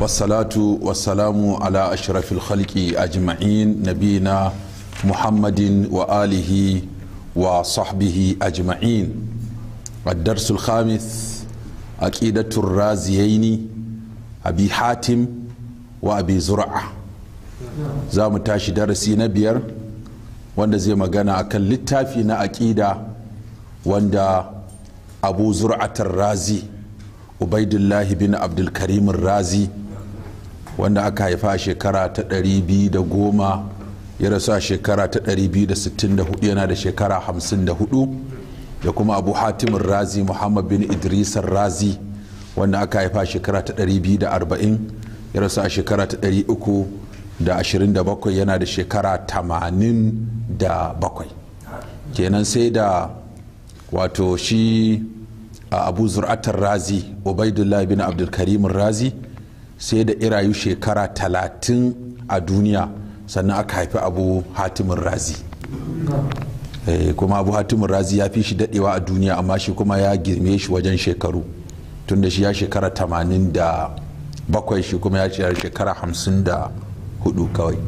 wasalatu wasalamu ala ashrafil khalqi ajma'in nabina muhammadin wa alihi wa sahbihi ajma'in الدرس abi hatim wa abi حاتم Za mu tashi darasi na biyar wanda zai magana akan littafi na aƙida wanda abu zur'atar razi ubaidullahi bin abdulkarimin razi wanda aka haifa a shekara ta 210 ya rasu a shekara ta 264 yana da shekara 54 da kuma abu hatimin razi muhammad bin Idris razi wanda aka haifa a shekara ta 240 ya rasu a shekara ta 327 yana da shekara 87 kenan sai da wato shi abu zur'atar razi ubaidullahi bin abdulkarim razi sai da irayu shekara talatin a duniya sannan aka haifi abu hatimin razi eh, kuma abu hatimin razi ya fi shi dadewa a duniya amma shi kuma ya girme shi wajen shekaru tunda shi ya shekara tamanin da bakwai shi kuma ya ce shekara hamsin da hudu kawai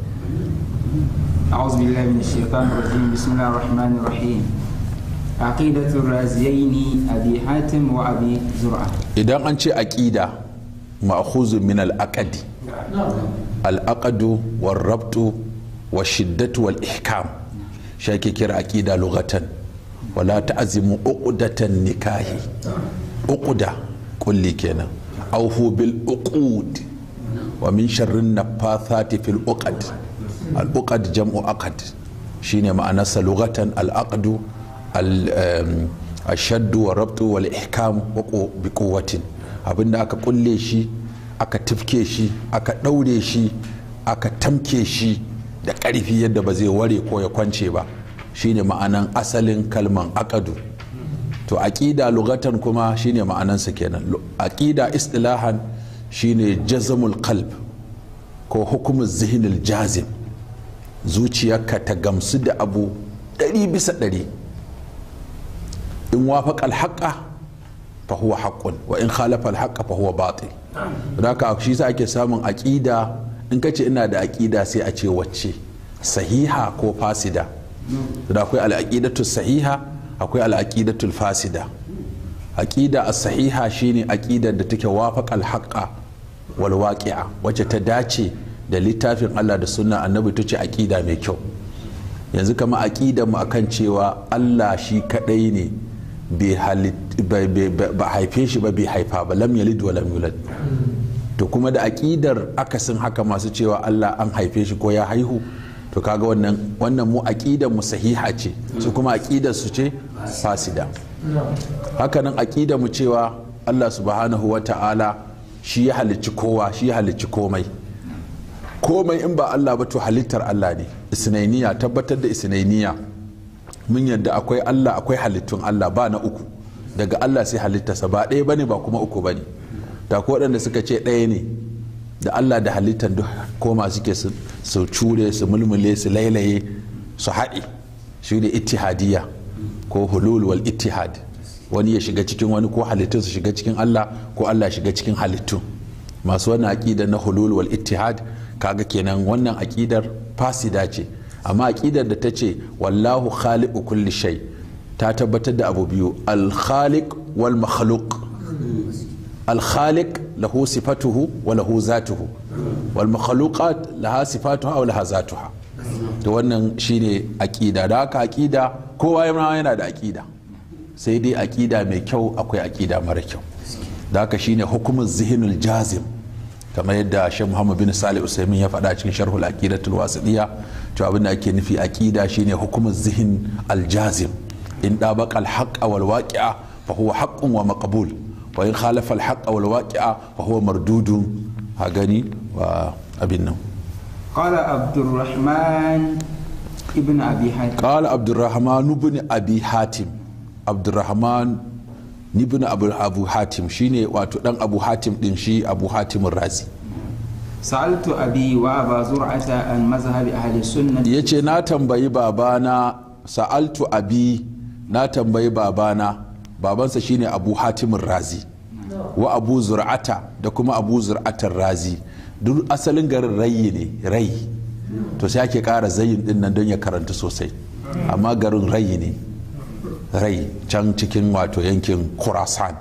idan an ce aƙida ma'khuzu min al-aqdi al-aqdu war-rabtu wash-shiddatu wal-ihkam shi ake kira aqida lughatan wala ta'zimu uqdatan nikahi uqda kulli kenan hu bil uqud wa min sharrin nafathati fil uqad al uqad jam'u aqd shine ma'anarsa lughatan al aqdu al ashaddu wa rabtu wal ihkam bi quwwatin abinda aka kulle shi aka tifke shi aka ɗaure shi aka tamke shi da ƙarfi yadda ba zai ware ko ya kwance ba shine ma'anan asalin kalman akadu to aƙida lugatan kuma shine ma'anansa kenan aƙida istilahan shine jazamul kalb ko hukumar zihinil jazim zuciyarka ta gamsu da abu ɗari bisa ɗari in wafaƙa alhaƙa fa huwa haqqun wa in khalafa alhaqqa haqq fa huwa batil haka shi sa ake samun aqida in ka ce ina da aqida sai a ce wacce sahiha ko fasida da akwai al-aqidatu sahiha akwai al-aqidatu fasida aqida as-sahiha shine aqidar da take wafaqa alhaqqa wal waqi'a wacce ta dace da littafin Allah da sunna annabi ta ce aqida mai kyau yanzu kama aqidar mu akan cewa Allah shi kadai ne ba haife shi ba bai haifa ba lam yalid wa lam yulad to kuma da aƙidar akasin haka masu cewa Allah an haife shi ko ya haihu to kaga wannan wannan mu aƙidar mu sahiha ce su kuma aƙidar su ce fasida haka nan aƙidar mu cewa Allah subhanahu wa ta'ala shi ya halicci kowa shi ya halicci komai komai in ba Allah ba to halittar Allah ne isnainiya tabbatar da isnainiya mun yadda akwai Allah akwai halittun Allah ba na uku daga Allah sai halittarsa ba ɗaya bane ba kuma uku bane ta ko waɗanda suka ce ɗaya ne da Allah da halittar duk koma suke su cure su mulmule su lailaye su haɗe shi ne ittihadiyya ko hulul wal ittihad wani ya shiga cikin wani ko halittun su shiga cikin Allah ko Allah shiga cikin halittun masu wannan aƙidar na hulul wal ittihad kaga kenan wannan aƙidar fasida ce amma aƙidar da ta ce wallahu khaliqu kulli shay ta tabbatar da abu biyu al-khaliq wal makhluq al-khaliq lahu sifatuhu wa lahu zatuhu wal makhluqat laha sifatuha wa laha zatuha to wannan shine aƙida da haka aƙida kowa yana da aƙida sai dai aƙida mai kyau akwai aƙida mara kyau da haka shine hukumin zihinul jazim kamar yadda Sheikh Muhammad bin Salih Usaimin ya faɗa cikin sharhul aqidatul wasiliya to abin da ake nufi aqida shine hukumar zihin aljazim in dabaq alhaq wal waqi'a fa huwa haqqun wa maqbul wa in khalafa alhaq wal waqi'a fa huwa mardudun ha gani wa abin nan قال عبد ibn abi ابي حاتم قال عبد الرحمن ابن ابي ibn abu hatim shine wato dan abu hatim din shi abu hatim razi sa'altu abi wa aba zur'ata an mazhabi ahli sunnah yace na tambayi babana sa'altu abi na tambayi babana babansa shine abu hatimin razi wa abu zur'ata da kuma abu zur'atar razi duk asalin garin rayi ne rayi to sai ake kara zayin din nan don ya karanta sosai amma garin rayi ne rayi can cikin wato yankin khurasan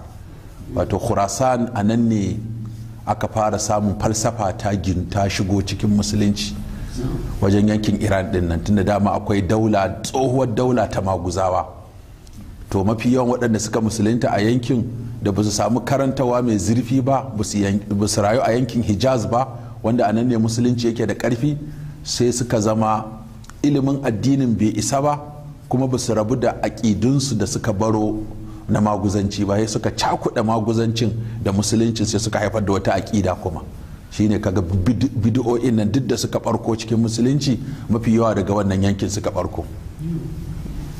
wato khurasan a nan ne aka fara samun falsafa ta ginta shigo cikin musulunci wajen yankin iran din nan tunda dama akwai daula tsohuwar daula ta maguzawa to mafi yawan waɗanda suka musulunta a yankin da ba su samu karantawa mai zurfi ba ba su rayu a yankin hijaz ba wanda a nan ne musulunci yake da ƙarfi sai suka zama ilimin addinin bai isa ba kuma ba su rabu da aƙidunsu da suka baro na maguzanci ba suka cakuɗa maguzancin da musulunci sai suka haifar da wata aƙida kuma shine kaga bidiyo'in nan duk da suka barko cikin musulunci mafi yawa daga wannan yankin suka barko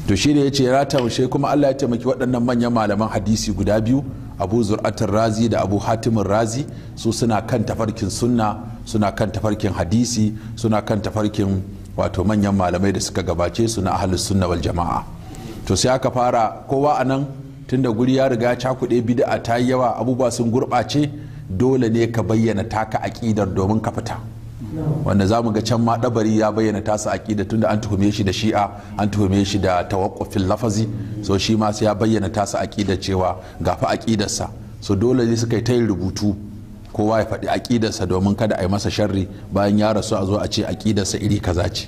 to shine yace ya taushe kuma Allah ya taimaki waɗannan manyan malaman hadisi guda biyu Abu Zur'atar Razi da Abu Hatimin Razi su suna kan tafarkin sunna suna kan tafarkin hadisi suna kan tafarkin wato manyan malamai da suka gabace su na ahlus sunna wal jama'a to sai aka fara kowa anan tunda guri ya riga cakuɗe bid'a ta yi yawa abubuwa sun gurɓace dole ne ka bayyana taka aƙidar domin ka fita wanda za mu ga can ma ɗabari ya bayyana tasa aƙida tunda an tuhume shi da shi'a an tuhume shi da tawakkufin lafazi so shi ma sai ya bayyana tasa aƙidar cewa gafi aƙidarsa so dole ne suka yi ta yin rubutu kowa ya faɗi aƙidarsa domin kada a yi masa sharri bayan ya rasu a zo a ce aƙidarsa iri kaza ce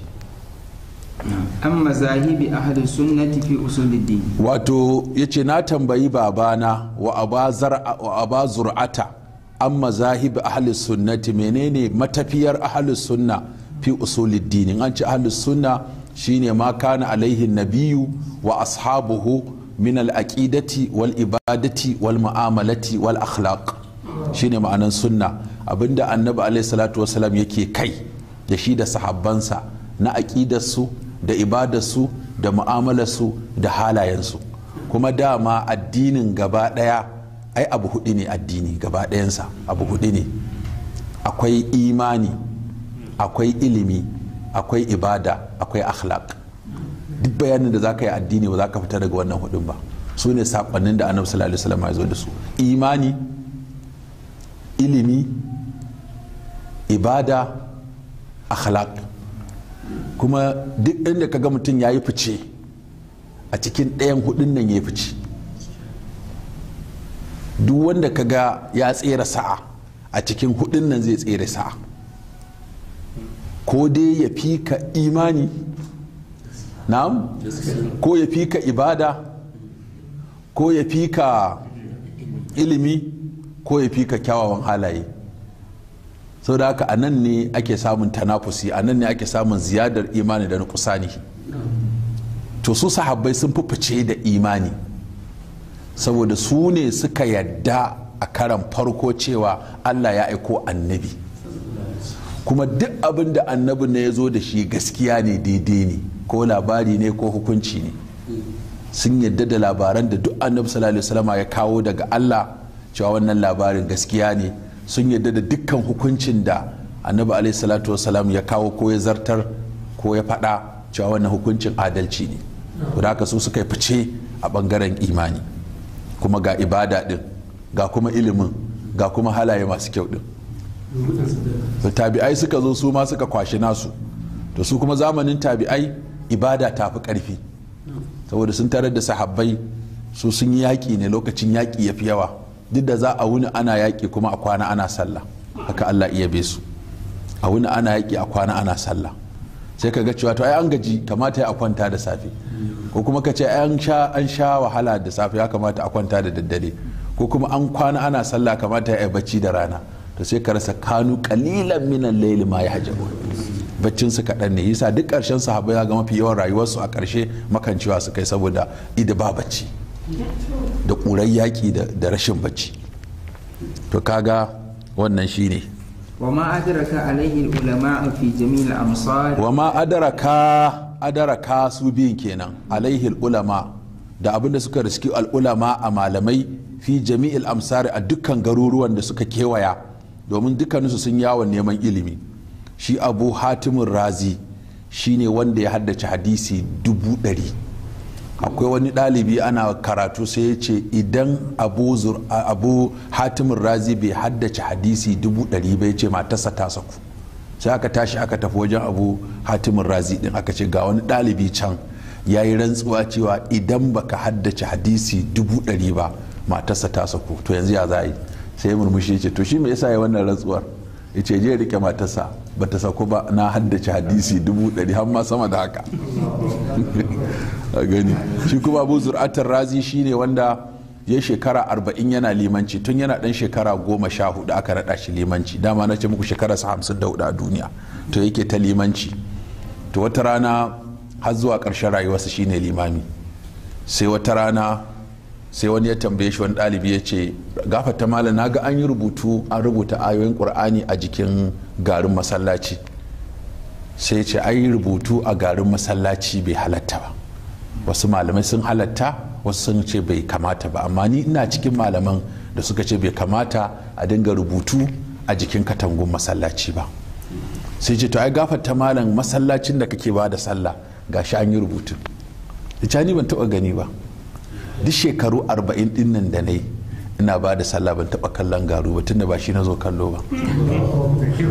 an mazahibi ahli fi usuluddin wato yace na tambayi babana wa ba zur'ata an mazahibi ahli sunnati menene matafiyar ahli sunna fi usulidini an ce ahli sunna shine ma kana alaihi nabiyu wa ashabuhu min al-aqidati wal ibadati wal mu'amalati wal akhlaq shine ma'anan sunna abinda annabi alaihi salatu wasalam yake kai da shi da sahabbansa na su. da ibadarsu da mu'amalarsu da halayensu kuma dama addinin gaba ɗaya ai abu hudu ne addini gaba ɗayansa abu hudu ne akwai imani akwai ilimi akwai ibada akwai akhlaq duk bayanin da zaka yi addini ba za ka fita daga wannan hudun ba su ne saƙonnin da annabi sallallahu alaihi wasallam ya zo da su imani ilimi ibada akhlaq kuma duk inda kaga mutum ya yi fice a cikin ɗayan hudun nan ya yi fice duk wanda kaga ya tsere sa'a a cikin hudun nan zai tsere sa'a ko dai ya fi ka imani na'am ko ya fi ka ibada ko ya fi ka ilimi ko ya fi ka kyawawan halaye sau da haka a nan ne ake samun tanafusi a nan ne ake samun ziyadar imani da nukusani to su sahabbai sun fice da imani saboda su ne suka yadda a karan farko cewa allah ya aiko annabi kuma duk abin da annabi na ya zo da shi gaskiya ne daidai ne ko labari ne ko hukunci ne sun yadda da labaran da duk annabi sallallahu alaihi ya kawo daga allah cewa wannan labarin gaskiya ne sun yadda da dukkan hukuncin da annabi alayhi salatu wasalam ya kawo ko ya zartar ko ya faɗa cewa wannan hukuncin adalci ne da haka su suka fice a bangaren imani kuma ga ibada ɗin ga kuma ilimin ga kuma halaye masu kyau ɗin tabi'ai suka zo su ma suka kwashi nasu to su kuma zamanin tabi'ai ibada ta fi ƙarfi saboda sun tarar da sahabbai su sun yi yaƙi ne lokacin yaƙi ya fi yawa duk da za a wuni ana yaƙi kuma a kwana ana sallah haka Allah iya be su a wuni ana yaƙi a kwana ana sallah sai ka ga cewa to ai an gaji kamata ya kwanta da safe ko kuma ka ce an sha an sha wahala da safe ya kamata a kwanta da daddare ko kuma an kwana ana sallah kamata ya bacci da rana to sai ka rasa kanu kalilan minan laili ma ya baccin su kaɗan ne yasa duk ƙarshen ya ga mafi yawan rayuwarsu a ƙarshe makancewa su kai saboda idi ba bacci da ƙurar yaƙi da rashin bacci to kaga wannan shi ne wa ma adaraka adaraka su biyun kenan alaihil ulama da abinda suka riski al'ulama a malamai fi jami'il amsari a dukkan garuruwan da suka kewaya domin dukkaninsu sun yawon neman ilimi shi abu hatimin razi shine wanda ya haddace hadisi dubu ɗari akwai wani ɗalibi ana karatu sai ya ce idan abu hatimin razi bai haddace hadisi dubu ɗari bai ce matarsa ta saku sai aka tashi aka tafi wajen abu hatimin razi din aka ce ga wani ɗalibi can ya yi rantsuwa cewa idan baka haddace hadisi dubu ɗari ba matarsa ta saku to yanzu ya za yi sai murmushi ya ce to shi me yasa ya wannan rantsuwar ce je rike matarsa ba ta sako ba na haddace hadisi dubu ɗari har sama da haka a gani shi kuma abu zur'atar razi shine wanda ya shekara arba'in yana limanci tun yana dan shekara goma sha hudu aka raɗa shi limanci dama na ce muku shekara sa hamsin da hudu a duniya to yake ta limanci to wata rana har zuwa ƙarshen rayuwarsa shine limami sai wata rana sai wani ya tambaye shi wani ɗalibi ya ce gafata mala na ga an yi rubutu an rubuta ayoyin ƙur'ani a jikin garin masallaci sai ce an yi rubutu a garin masallaci bai halatta ba wasu malamai sun halatta wasu sun ce bai kamata ba amma ni ina cikin malaman da suka ce bai kamata a dinga rubutu a jikin katangun masallaci ba sai ce to ai gafarta malam masallacin da kake ba da sallah gashi an yi rubutu ni ban taɓa gani ba duk shekaru arba'in nan da na ina ba da sallah ban taba kallon garu ba tunda ba shi na zo kallo ba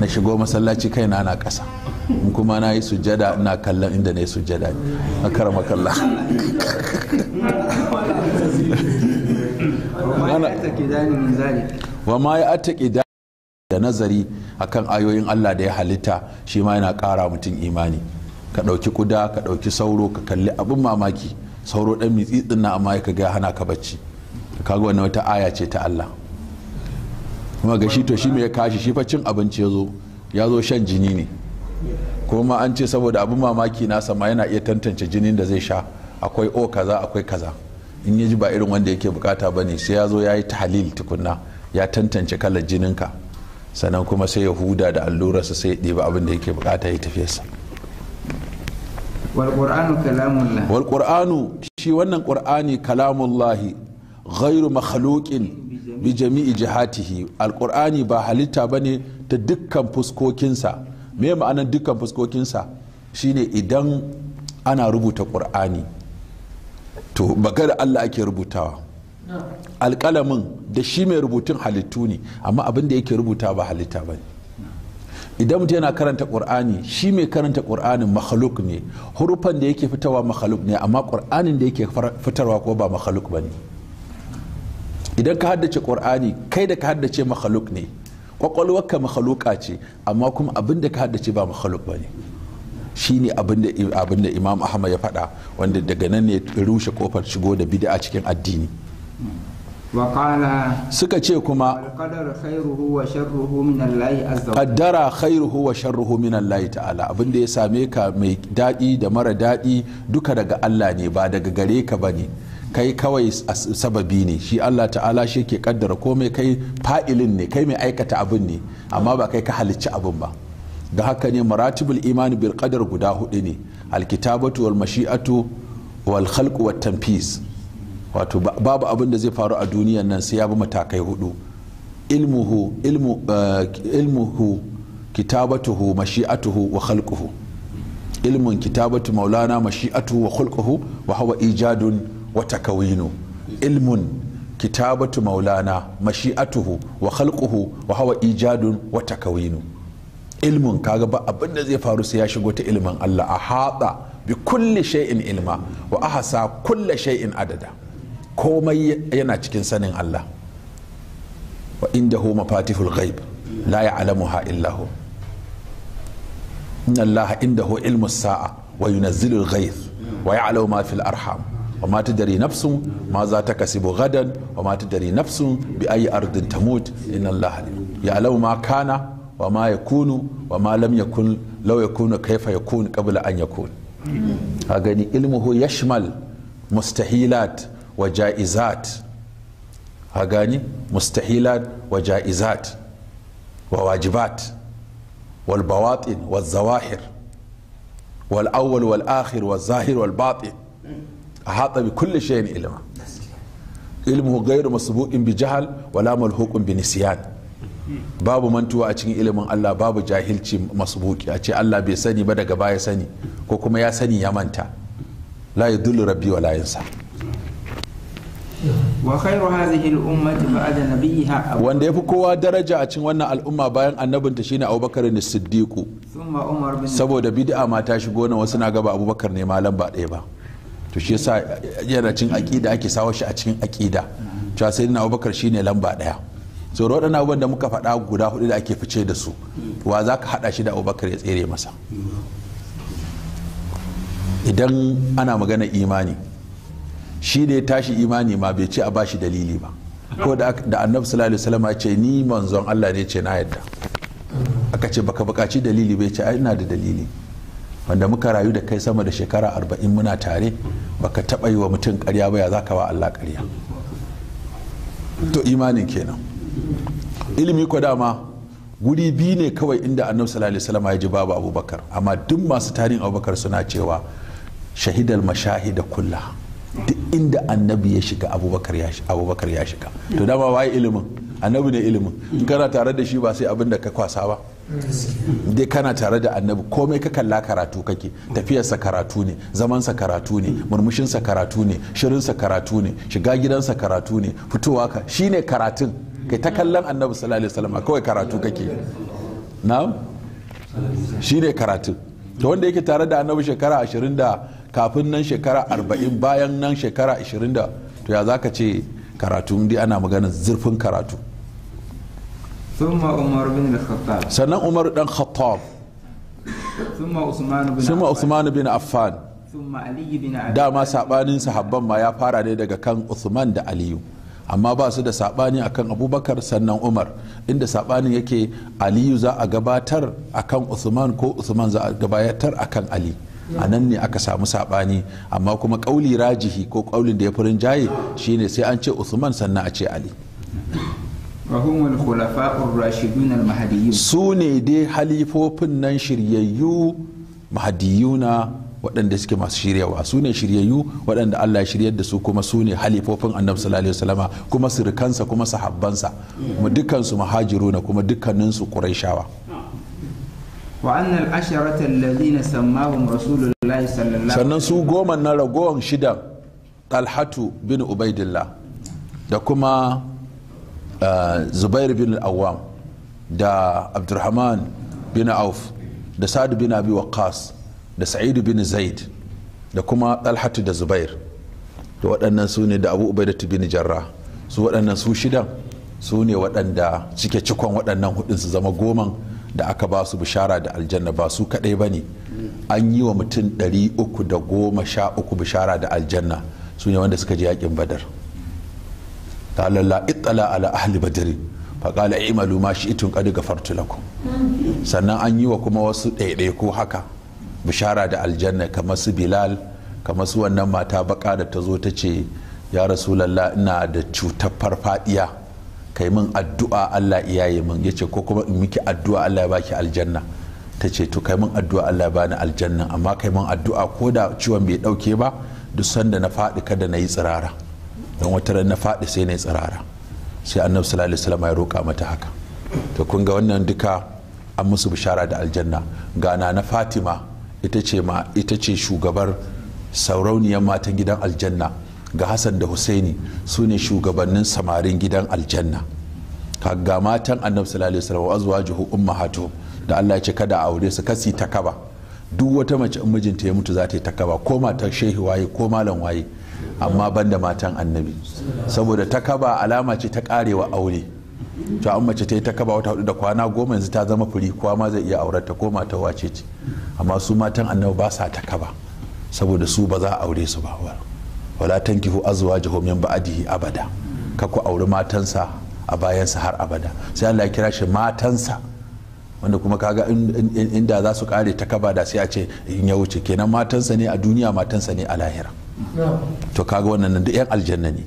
na shigo masallaci kai na na ƙasa in kuma na yi sujada ina kallon inda na yi sujada a karama kalla wa ma ya attaki da nazari akan ayoyin Allah da ya halitta shi ma yana kara mutum imani ka ɗauki kuda ka ɗauki sauro ka kalli abin mamaki sauro ɗan mitsi din amma ya ga hana ka bacci kaga wannan wata aya ce ta Allah kuma ga to shi mai ya kashi shi fa cin abinci ya zo ya zo shan jini ne kuma an ce saboda abin mamaki na sama yana iya tantance jinin da zai sha akwai o kaza akwai kaza in ya ji ba irin wanda yake bukata ba ne sai ya zo ya yi tahalil tukunna ya tantance kalar jininka sannan kuma sai ya huda da allurarsa sai ya ɗiba abin da yake bukata ya tafiyarsa walƙur'anu shi wannan kur'ani kalamullahi ghairu makhluqin bi jami'i jihatihi alƙur'ani ba halitta bane ta dukkan fuskokinsa me ma'anar dukkan fuskokinsa shine idan ana rubuta ƙur'ani to bagar Allah ake rubutawa alƙalamin da shi mai rubutun halittu ne amma abin da yake rubuta ba halitta bane idan mutum yana karanta qur'ani shi mai karanta qur'anin makhluk ne hurufan da yake fitawa makhluk ne amma qur'anin da yake fitarwa ko ba makhluk bane idan ka haddace qur'ani kai da ka haddace makhluk ne kwakwalwarka makhluka ce amma kuma abin da ka haddace ba makhluk bane shine shi ne abin da Imam Ahmad ya faɗa wanda daga nan ne rushe kofar shigo da bid'a a cikin addini suka ce kuma kaddara khairuhu wa sharruhu min Allah ta'ala abinda ya same ka mai daɗi da mara daɗi duka daga Allah ne ba daga gare ka ne kai kawai sababi ne shi Allah ta'ala shi ke kaddara komai kai fa'ilin ne kai mai aikata abin ne amma ba kai ka halicci abin ba da haka ne maratibul imani bil qadar guda hudu ne alkitabatu wal mashi'atu wal khalqu wat tanfis wato babu abin da zai faru a duniyan nan sai ya bi matakai hudu ilmuhu ilmu eh, ilmuhu kitabatuhu mashi'atuhu wa khalquhu ilmun kitabatu maulana mashi'atuhu wa khalquhu wa huwa ijadun wa takawinu ilmun kitabatu maulana mashi'atuhu wa khalquhu wa huwa ijadun wa takawinu ilmun kaga ba abin da zai faru sai ya shigo ta ilmin Allah a hada bi kulli shay'in ilma wa ahsa kulli shay'in adada komai yana cikin sanin Allah wa inda hu ghaib la ya'lamuha illa hu inna Allah inda hu ilmu sa'a wa yunazzilul ghaith wa ya'lamu ma fil arham wa ma tadri ma za ta kasibu gadan wa ma tadri nafsun bi ayi ardin tamut inna Allah ya'lamu ma kana wa ma yakunu wa ma lam yakun law yakunu kaifa yakun qabla an yakun a gani ilmuhu yashmal mustahilat wa ja'izat ha gani mustahilat wa ja'izat wa wajibat wal bawatin wa zawahir wal awwal wal akhir wa zahir wal batin ahata bi kulli shay'in ilma Ilmu ghayru masbu'in bi jihar wala malhuqun bi nisyan babu mantuwa a cikin ilimin Allah babu jahilci masbuki a ce Allah bai sani ba daga baya sani ko kuma ya sani ya manta la yadullu rabbi wa la wanda ya fi kowa daraja a cikin wannan al'umma bayan annabinta shine Abubakar ne siddiku saboda bid'a ma ta shigo na wasu na gaba Abubakar ne malam ba ɗaya ba to shi yasa yana cin aƙida ake sawa shi a cikin aqida cewa sayyidina Abubakar shine lamba ɗaya so waɗannan abubuwan da muka faɗa guda hudu da ake fice da su wa za ka haɗa shi da Abubakar ya tsere masa idan ana magana imani shi da ya tashi imani ma bai ce a bashi dalili ba ko da annabi sallallahu alaihi wasallam ce ni manzon Allah ne ce na yadda aka ce baka bukaci dalili bai ce ai ina da dalili wanda muka rayu da kai sama da shekara arba'in muna tare baka taba yi wa mutum karya ba ya ka wa Allah karya to imanin kenan ilimi ko dama guri biyu ne kawai inda annabi sallallahu alaihi wasallam ya ji babu abubakar amma duk masu tarihin abubakar suna cewa shahidal mashahida kullaha duk inda annabi ya shiga abubakar ya shiga to dama waye ilimin annabi ne ilimin in kana tare da shi ba sai abin da ka kwasa ba dai kana tare da annabi komai ka kalla karatu kake tafiyarsa karatu ne zamansa karatu ne murmushinsa karatu ne shirinsa karatu ne shiga gidansa karatu ne fitowa ka shine karatun kai ta kallon annabi sallallahu alaihi wasallam kawai karatu kake na'am shine karatun to wanda yake tare da annabi shekara ashirin da kafin nan shekara arba'in bayan nan shekara ashirin da to ya za ka ce karatu dai ana magana zurfin karatu sannan umar dan khattab summa usman bin affan dama sabanin sahabban ma ya fara ne daga kan usman da aliyu amma ba su da sabani akan abubakar sannan umar inda sabanin yake aliyu za a gabatar akan usman ko usman za a gabatar akan ali a nan ne aka samu saɓani amma kuma ƙauli rajihi ko kaulin da ya furin jaye shine sai an ce usman sannan a ce ali su ne dai halifofin nan shiryayyu mahadiyuna waɗanda suke masu shiryawa su ne shiryayyu waɗanda Allah ya shiryar da su kuma su ne halifofin annabi sallallahu alaihi salama kuma sirikansa kuma sahabbansa kuma dukkansu muhajiruna kuma dukkaninsu quraishawa wa'annan asharatar lalina sammahun rasulullahi sallallahu sannan su goma na ragowar shida talhatu bin ubaidillah da kuma eh, zubair bin awam da abdurrahman bin auf da sa'ad bin abi waqas da sa'idu bin zaid da kuma talhatu da zubair da waɗannan su ne da abu ubaidatu bin jarra su waɗannan su shida su ne waɗanda cike cikon waɗannan hudun su zama goma. da aka ba su bishara da aljanna ba su kaɗai ba ne an yi wa mutum 313 bishara da aljanna su ne wanda suka je yakin badar ta lalla itala ala ahli badari fa qala i'malu ma shi'tum qad ghafartu lakum sannan an yi wa kuma wasu ko haka bishara da aljanna kamar su bilal kamar su wannan mata baka da ta zo ta ce ya rasulallah ina da cutar farfadiya kai min addu'a Allah yi min yace ko kuma in miki addu'a Allah ya baki aljanna ta ce to kai min addu'a Allah ya bani aljanna amma kai min addu'a ko da ciwon bai dauke ba duk sanda na faɗi kada na yi tsirara don wata ran na faɗi sai na yi tsirara sai annabi sallallahu alaihi wasallam ya roƙa mata haka to kun ga wannan duka an musu bishara da aljanna gana na fatima ita ce ma ita ce shugabar saurauniyar matan gidan aljanna ga hassan da husaini su ne shugabannin samarin gidan aljanna ga matan annabi sallallahu alaihi wasallam azwajuhu ummahatuhum da Allah ya ce kada a aure su kasi ta kaba duk wata mace in mijinta ya mutu za ta yi ta kaba ko matar shehi waye ko malam waye amma banda matan annabi saboda ta kaba alama ce ta karewa aure to an mace ta yi ta kaba wata hudu da kwana goma yanzu ta zama furi kowa ma zai iya aurar ko mata wace ce amma su matan annabi ba sa ta kaba saboda su ba za a aure su ba wala tankihu azwajahu min ba'dihi abada ka ku auri matansa a bayansa har abada sai Allah ya kira shi matansa wanda kuma kaga inda za su kare ta kaba da sai a ce in ya wuce kenan matansa ne a duniya matansa ne a lahira to kaga wannan duk yan aljanna ne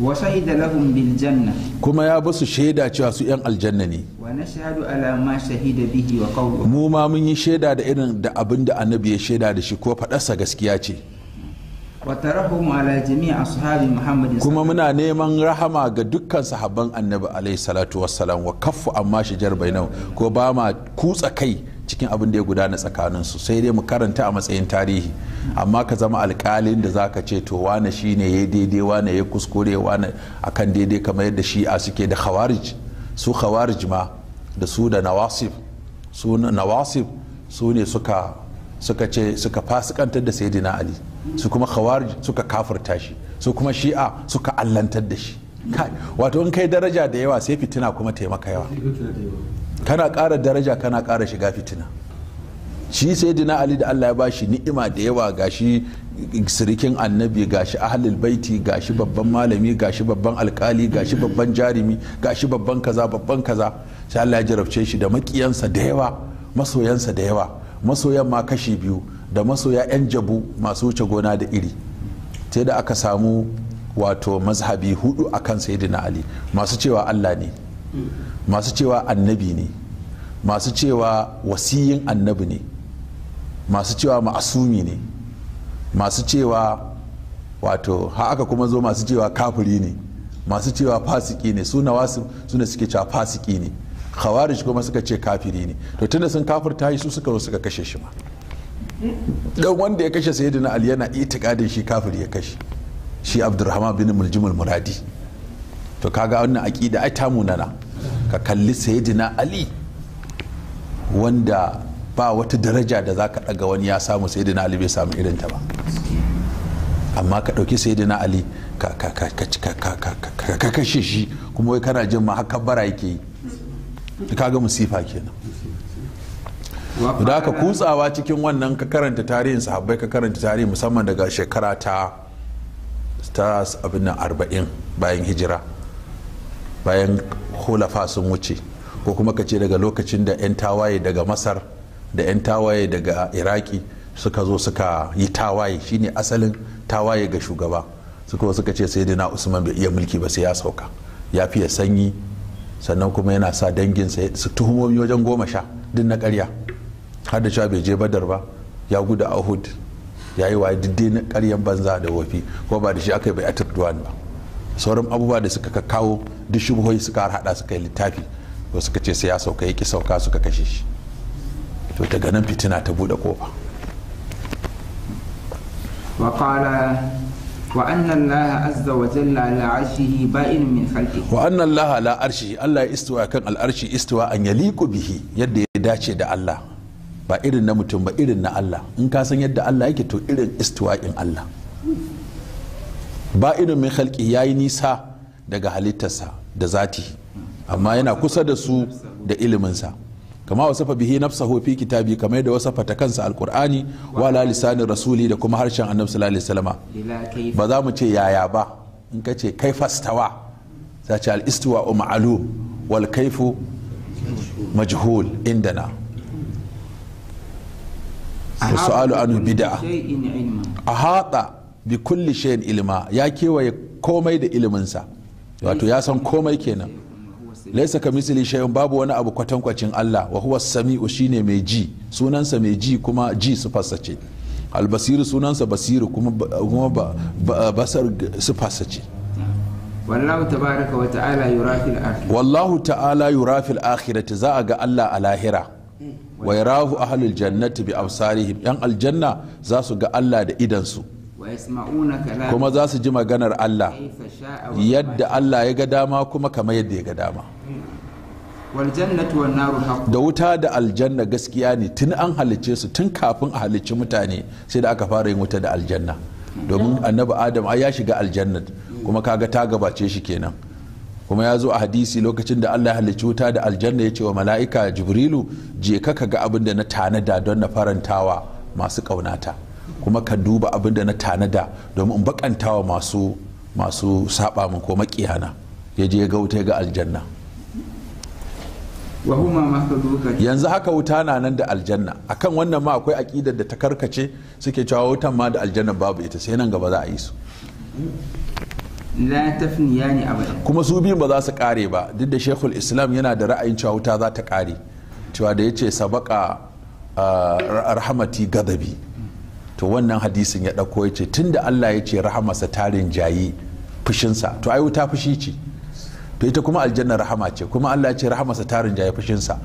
wa shahida lahum bil janna kuma ya basu shaida cewa su yan aljanna ne wa nashhadu ala ma shahida bihi wa qawluhu mu ma mun yi shaida da irin da abin da annabi ya shaida da shi ko fadarsa gaskiya ce kuma muna neman rahama ga dukkan sahabban annabi alaihi salatu wassalam wa kaffu amma shi bainau ko ba ma kutsa kai cikin abin da ya gudana tsakanin su sai dai mu karanta a matsayin tarihi amma ka zama alkalin da zaka ce to wane shi ne ya daidai wane ya kuskure wane akan daidai kamar yadda shi a suke da khawarij su khawarij ma da su da nawasif su nawasif ne suka suka ce suka fasikantar da sayyidina ali su kuma khawarij suka kafirta shi su kuma shi'a suka allantar da shi wato in kai daraja da yawa sai fitina kuma taimaka yawa kana ƙara daraja kana ƙara shiga fitina shi sai dina ali da allah ya ba shi ni'ima da yawa gashi sirikin annabi gashi ahalil baiti gashi babban malami gashi babban alkali gashi babban jarimi gashi babban kaza babban kaza sai allah ya jarabce shi da makiyansa da yawa masoyansa da yawa masoyan ma kashi biyu da masoya 'yan jabu masu wuce gona da iri sai da aka samu wato mazhabi hudu a kan sayidina ali masu cewa allah ne masu cewa annabi ne masu cewa wasiyin annabi ne masu cewa ma'asumi ne masu cewa wato ha aka kuma zo masu cewa kafiri ne masu cewa fasiki ne suna wasu suna suke cewa fasiki ne khawarij kuma suka ce kafiri ne to tunda sun kafirta shi su suka suka kashe shi ma dan wanda ya kashe sayyidina ali yana itikadin shi kafir ya kashe shi abdurrahman bin muljimul muradi to kaga wannan aqida ai ta munana ka kalli sayyidina ali wanda ba wata daraja da za ka ɗaga wani ya samu sayyidina ali bai samu irin ta ba amma ka ɗauki sayyidina ali ka kashe shi kuma wai kana jin ma haka bara yake yi kaga musifa kenan da aka kutsawa cikin wannan ka karanta tarihin sahabbai ka karanta tarihi musamman daga shekara ta ta abin arba'in bayan hijira bayan hulafa sun wuce ko kuma ka ce daga lokacin da 'yan tawaye daga masar da 'yan tawaye daga iraki suka zo suka yi tawaye shine asalin tawaye ga shugaba suka suka ce sai dina usman bai iya mulki ba sai ya sauka ya fiye sanyi sannan kuma yana sa dangin su tuhumomi wajen goma sha duk na karya har da bai je badar ba ya gudu a ya yi waye diddai na karyan banza da wofi ko ba da shi aka yi bai atar duwan ba sauran abubuwa da suka kawo duk shubuhoyi suka har hada suka yi littafi ko suka ce sai ya sauka ya ki sauka suka kashe shi to daga nan fitina ta bude kofa وقال وأن الله عز وجل على عرشه بائن من خلقه وأن la على عرشه الله استوى كان العرش an yaliqu bihi yadda ya dace da allah. ba irin na mutum ba irin na Allah in ka san yadda Allah yake to irin istiwa'in Allah ba irin mai halki ya yi nisa daga halittarsa da zati amma yana kusa da su da iliminsa kama wasafa bihi nafsahu fi kitabi kamar yadda wasu ta kansa alkur'ani wa la lisanin rasuli da kuma harshen annabi sallallahu alaihi ba za mu ce yaya ba in ka ce kai fastawa za ce al istiwa ma'lum wal kaifu majhul indana su'alu anhu bid'a ahata bi kulli shay'in ilma ya kewaye komai da iliminsa wato ya san komai kenan laisa ka misali shay'un babu wani abu kwatankwacin Allah wa huwa sami'u shine mai ji sunansa mai ji kuma ji su ce albasiru sunansa basiru kuma basar su ce wallahu ta'ala yurafil akhirati wallahu ta'ala yurafil akhirati za a ga Allah a lahira wa a halin jannati bi absarihim yan aljanna za su ga Allah da idansu kuma za su ji maganar Allah yadda Allah ya ga dama kuma kamar yadda ya ga dama da wuta da aljanna gaskiya ne tun an halicce su tun kafin a halicci mutane sai da aka fara yin wuta da aljanna domin annabi adam ya shiga aljanna kuma kaga ta gabace shi kenan kuma ya zo a hadisi lokacin da allah ya halicci wuta da aljanna ya ce wa mala'ika jibrilu je ka ga abin da na tanada don na farantawa masu ƙaunata kuma ka duba abin da na tanada domin in bakantawa masu masu saba min ko makiyana ya je ga wuta ga aljanna yanzu haka wuta na nan da aljanna akan wannan ma akwai aƙidar da ta karkace suke cewa wutan ma da aljanna babu ita sai nan gaba za a yi su la abada kuma su biyun ba za su kare ba duk da shekul islam yana da ra'ayin cewa wuta za ta kare cewa da ya ce sabaka ah, rahamati gadabi to wannan hadisin ya dauko ya ce tun da allah ya ce rahamarsa tarin jayi fushinsa to ai wuta fushi ce to ita kuma aljanna rahama ce kuma allah ya ce rahamarsa tarin jayi fushinsa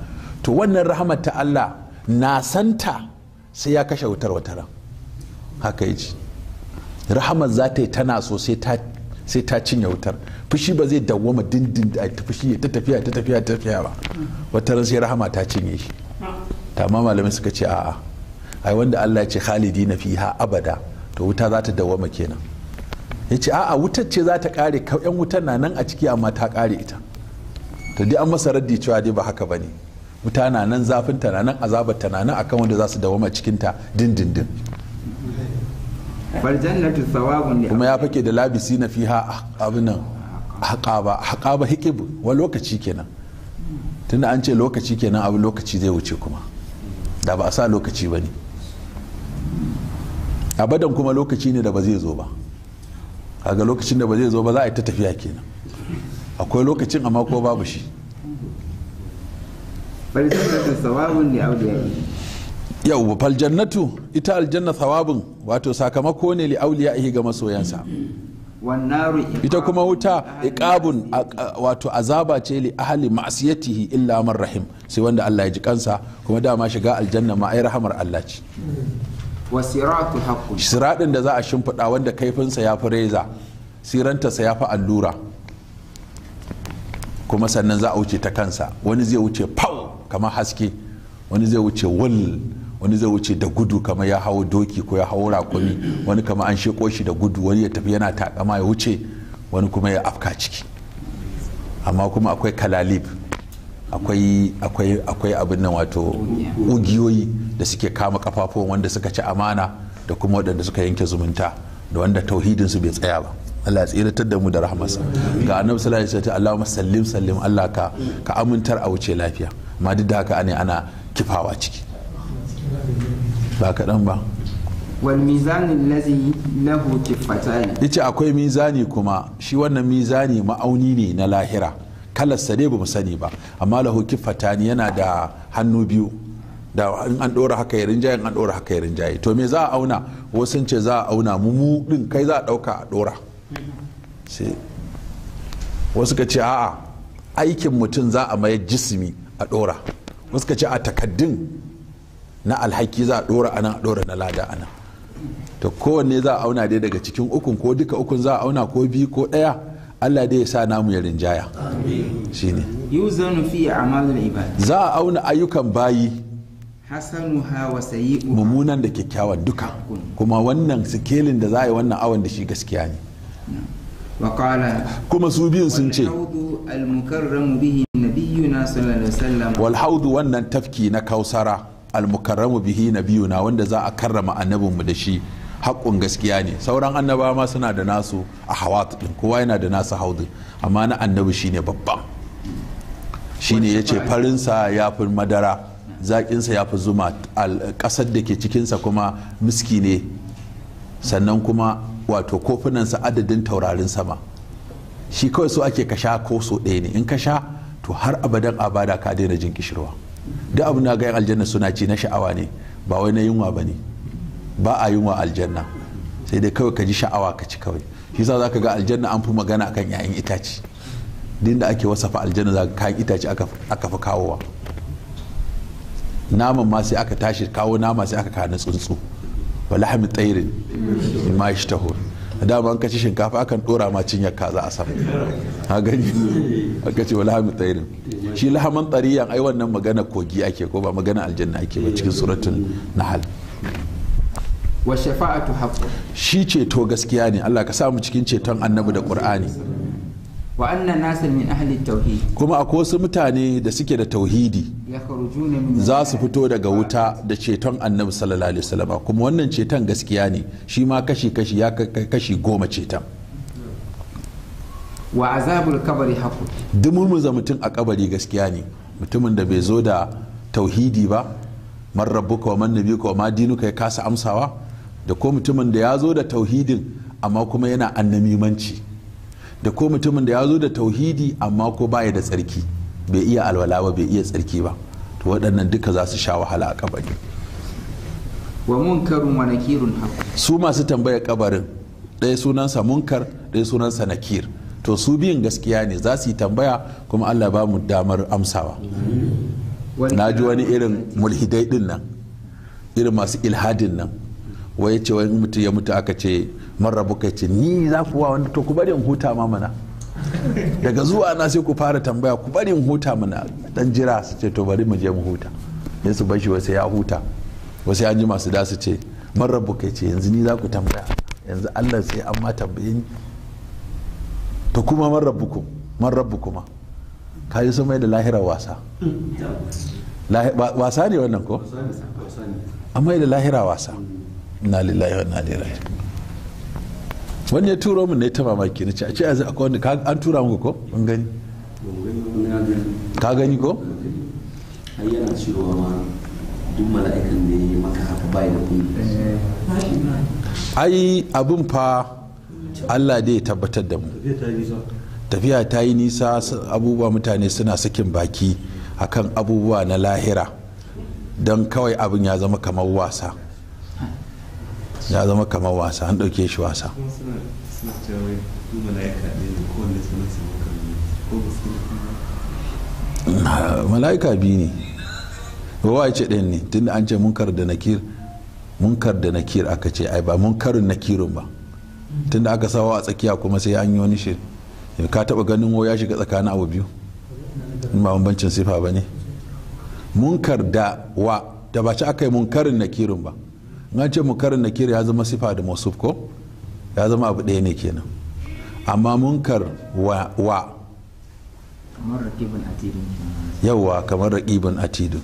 to wannan rahamar ta allah na santa sai ya kashe wutar wataran haka ya ce rahamar za ta yi tana sosai. ta sai ta cinye wutar fushi ba zai dawwama dindin da ta fushi ta tafiya ta tafiya ta tafiya ba wata ran sai rahama ta cinye shi tamma malamai suka ce a'a ai wanda Allah ya ce khalidi na fiha abada to wuta za ta dawwama kenan ya ce a'a wutar ce za ta kare yan wutar na nan a ciki amma ta kare ita to dai an masa raddi cewa dai ba haka ba ne wuta na nan zafin ta na nan azabar ta na nan akan wanda za su dawwama cikin ta dindindin kuma ya fake da labisi na fiha abinan haƙaba haƙaba hiqib wa lokaci kenan tunda an ce lokaci kenan abu lokaci zai wuce kuma da ba a sa lokaci ba ne abadan kuma lokaci ne da ba zai zo ba kaga lokacin da ba zai zo ba za a yi ta tafiya kenan akwai lokacin amma ko babu shi yau fal jannatu ita aljanna thawabun wato sakamako ne li yi ga masoyansa ita kuma wuta iqabun wato azaba ce li ahli ma'siyatihi illa man rahim sai wanda Allah ya ji kansa kuma dama shiga aljanna ma ai rahamar Allah ce siradin da za a shimfiɗa wanda kaifinsa ya fi reza sirantarsa ya fi allura kuma sannan za a wuce ta kansa wani zai wuce pau kamar haske wani zai wuce wal wani zai wuce da gudu kamar ya hau doki ko ya hau rakumi wani kamar an sheko shi da gudu wani ya tafi yana takama ya wuce wani kuma ya afka ciki amma kuma akwai kalalib akwai akwai abin nan wato ugiyoyi da suke kama kafafuwan wanda suka ci amana da kuma waɗanda suka yanke zumunta da wanda tauhidin su bai tsaya ba Allah ya tsira da mu da rahmasa ga annabi sallallahu alaihi wasallam Allahumma sallim sallim Allah ka ka amintar a wuce lafiya amma duk da haka ne ana kifawa ciki ba kaɗan ba yace akwai mizani kuma shi wannan mizani ma'auni ne na lahira kalarsa ne ba mu sani ba amma lahu kifatani yana da hannu biyu da in an ɗora haka ya rinjaye an ɗora haka to me za a auna wasu ce za a auna mu mu din kai za a ɗauka a ɗora wasu ka ce a'a aikin mutum za a mayar jismi a ɗora wasu ka ce a takaddun na alhaki za a dora ana a dora na lada ana to kowanne za a auna dai daga cikin ukun ko duka ukun za a auna ko biyu ko ɗaya Allah dai ya sa namu ya rinjaya shine yuzanu fi a'malil ibad za a auna ayyukan bayi hasanuha wa sayyi'uha mummunan da kyakkyawan duka kuma wannan sikelin da za a yi wannan awon da shi gaskiya ne kuma su biyun sun ce walhaudu wannan tafki na kausara almukarramu bihi na biyu na wanda za a karrama annabinmu da shi haƙƙun gaskiya ne sauran annabawa ma suna da nasu a hawa ɗin kowa yana da nasu haudu amma na annabi shine babban shine ya ce farinsa ya fi madara zaƙinsa ya fi zuma ƙasar da ke cikinsa kuma miski ne sannan kuma wato kofunansa adadin taurarin sama shi kawai so ake ka sha ko so ɗaya ne in ka sha to har abadan abada ka daina jin kishirwa duk abin da ga aljanna suna ci na sha'awa ne ba wai na yunwa ba ne ba a yunwa aljanna sai dai kawai ka ji sha'awa ka ci kawai shi za ka ga aljanna an fi magana akan 'ya'yan itace din da ake wasafa aljanna za kayan itace aka fi kawowa naman ma sai aka tashi kawo nama sai aka na tsuntsu wa lahamin tsairin ma shi dama an kaci shinkafa akan dora ma cinya kaza a sama ha gani An kace wala hamu tsairin shi lahaman tsariyan ai wannan magana kogi ake ko ba magana aljanna ake ba cikin suratul nahl wa shafa'atu haqq shi ceto gaskiya ne Allah ka sa mu cikin ceton annabi da qur'ani wa anna nasan min ahli tauhid kuma akwai wasu mutane da suke da tauhidi za su fito daga wuta da ceton annabi sallallahu alaihi wasallam kuma wannan ceton gaskiya ne shi ma kashi kashi ya kashi goma ceton wa azabul kabari haku dumurmuza mutum a kabari gaskiya ne mutumin da bai zo da tauhidi ba man rabbuka wa man nabiyuka wa ma dinuka ya kasa amsawa da ko mutumin da ya zo da tauhidin amma kuma yana annamimanci da ko mutumin da ya zo da tauhidi amma ko baya da tsarki bai iya alwala ba bai iya tsarki ba waɗannan duka za su sha wahala a kabari wa munkarun wa nakirun su masu tambayar kabarin ɗaya sunansa munkar ɗaya sunansa nakir to su biyun gaskiya ne za su yi tambaya kuma allah ba mu damar amsawa na ji wani irin mulhidai din nan irin masu ilhadin nan wai ce wani mutu ya mutu aka ce marar buka ce ni za ku wa wani to ku bari in huta ma mana daga zuwa na sai ku fara tambaya ku bari in huta mana dan jira su ce to bari mu je mu huta ne su bashi wasu ya huta wasu ya ji masu da su ce man rabu kai ce yanzu ni za ku tambaya yanzu Allah sai an ma tambaye ni to kuma man rabu ku man rabu kuma ka yi sumai da lahirar wasa wasa ne wannan ko an mai da lahira wasa na lillahi wa na ilaihi wani ya turo min ne ta mamaki na ce a ce yanzu akwai wanda an tura muku ko mun gani ka gani ko ai yana cewa ma duk mala'ikan da maka haka bai da ai abin fa Allah dai ya tabbatar da mu tafiya ta yi nisa abubuwa mutane suna sakin baki akan abubuwa na lahira don kawai abin ya zama kamar wasa ya zama kamar wasa an ɗauke shi wasa mala'ika biyu ne wa ce ɗin ne tunda an ce munkar da nakir munkar da nakir aka ce ai ba munkarin nakirin ba tunda aka sawa a tsakiya kuma sai an yi wani shi ka taba ganin waya ya shiga tsakanin abu biyu in ba bambancin sifa ba ne munkar da wa da ba ci aka yi munkarin nakirin ba na ce mukarin nakir ya zama sifa da masuf ko ya zama abu ɗaya ne kenan amma munkar wa wa yawwa kamar raƙibin atidun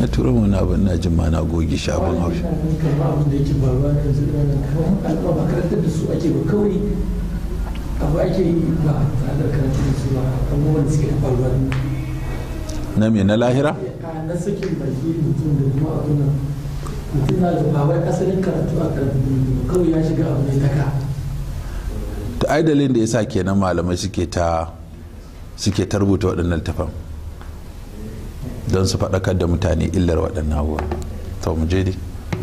ya turo mun abin na jin mana gogi goge shafin haushi na me na lahira? ga sakin baki mutum da kuma abin nan mutum na da bawai asalin karatu a karatu kawai ya shiga abu ne daga ta ai dalilin da ya sa kenan malamai suke ta suke ta rubuta waɗannan tafan don su faɗakar da mutane illar waɗannan abubuwa to mu je dai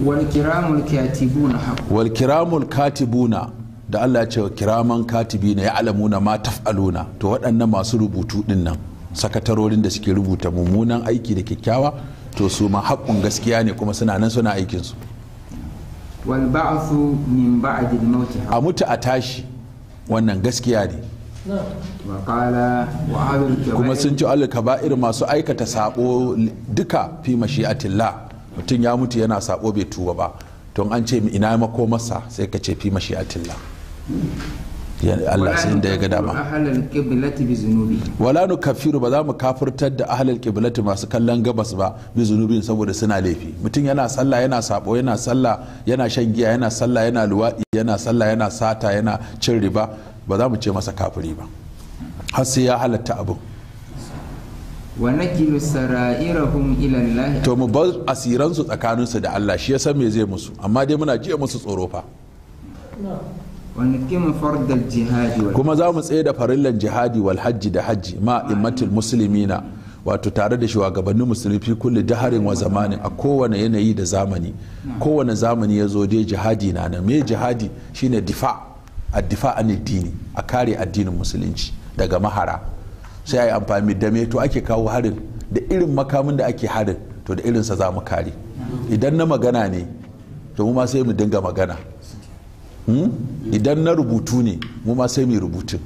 walkiramul katibuna walkiramul katibuna da Allah ya ce kiraman katibina ya alamuna ma taf'aluna to waɗannan masu rubutu ɗin nan sakatarorin da suke rubuta mummunan aiki da kyakkyawa to su ma haƙƙun gaskiya ne kuma suna nan suna aikin a mutu a tashi wannan gaskiya ne kuma sun ci alkaba'ir masu aikata sabo duka fi tilla mutum ya mutu yana saɓo bai tuba ba don an ce ina mako sai ka ce fi tilla. Allah sai inda ya ga dama wala nu ba za mu kafirtar da ahlal qiblati masu kallon gabas ba bi zunubin saboda suna laifi mutum yana sallah yana sabo yana sallah yana shan giya yana sallah yana luwaɗi yana sallah yana sata yana cin riba ba za mu ce masa kafiri ba har sai ya halatta abu wa nakilu sara'irahum ila Allah to mu bar asiransu tsakaninsu da Allah shi ya san me zai musu amma dai muna jiya musu tsoro fa kuma za mu tsaye da farillan jihadi wal hajji da hajji ma immatul na wato tare da shugabannin musulmi kulli daharin wa zamani a kowane yanayi da zamani kowane zamani ya zo dai jihadi na na me jihadi shine difa a difa an dini a kare addinin musulunci daga mahara sai yi amfani da me to ake kawo harin da irin makamin da ake harin to da irinsa za mu kare idan na magana ne to mu ma sai mu dinga magana Hmm? idan na rubutu ne mu ma sai mu rubutun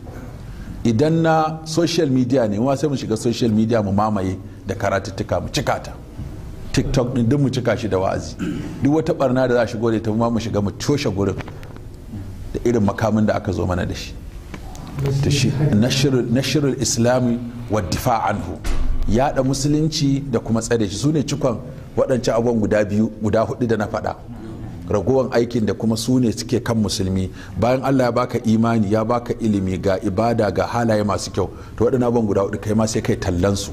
idan na social media ne mu ma sai mu shiga social media mu mamaye da karatuttuka mu cika ta tiktok din duk mu cika shi da wa'azi duk wata barna da za shigo da ta ma mu shiga mu toshe gurin da irin makamin da aka zo mana da shi ta shi nashirul islami wa difa anhu yada musulunci da kuma tsare shi su ne cikon waɗancan abubuwan guda biyu guda hudu da na faɗa ragowan aikin da kuma sune suke kan musulmi bayan allah ya baka imani ya baka ilimi ga ibada ga halaye masu kyau to waɗannan ban guda hudu kai ma sai kai tallan su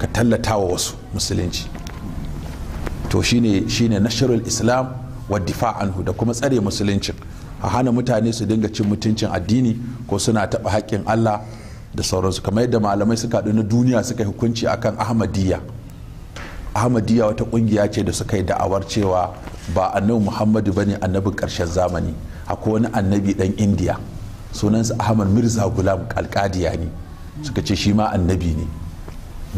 ka tallata wa wasu musulunci to shine shine nasharul islam wa difa anhu da kuma tsare musuluncin a hana mutane su dinga cin mutuncin addini ko suna taɓa haƙƙin allah da sauransu kamar yadda malamai suka na duniya suka hukunci akan ahmadiyya ahmadiyya wata kungiya ce da suka yi da'awar cewa ba annabi muhammadu bane annabin karshen zamani akwai wani annabi dan indiya sunansa ahmad mirza gulam alkadiya ne suka ce shi ma annabi ne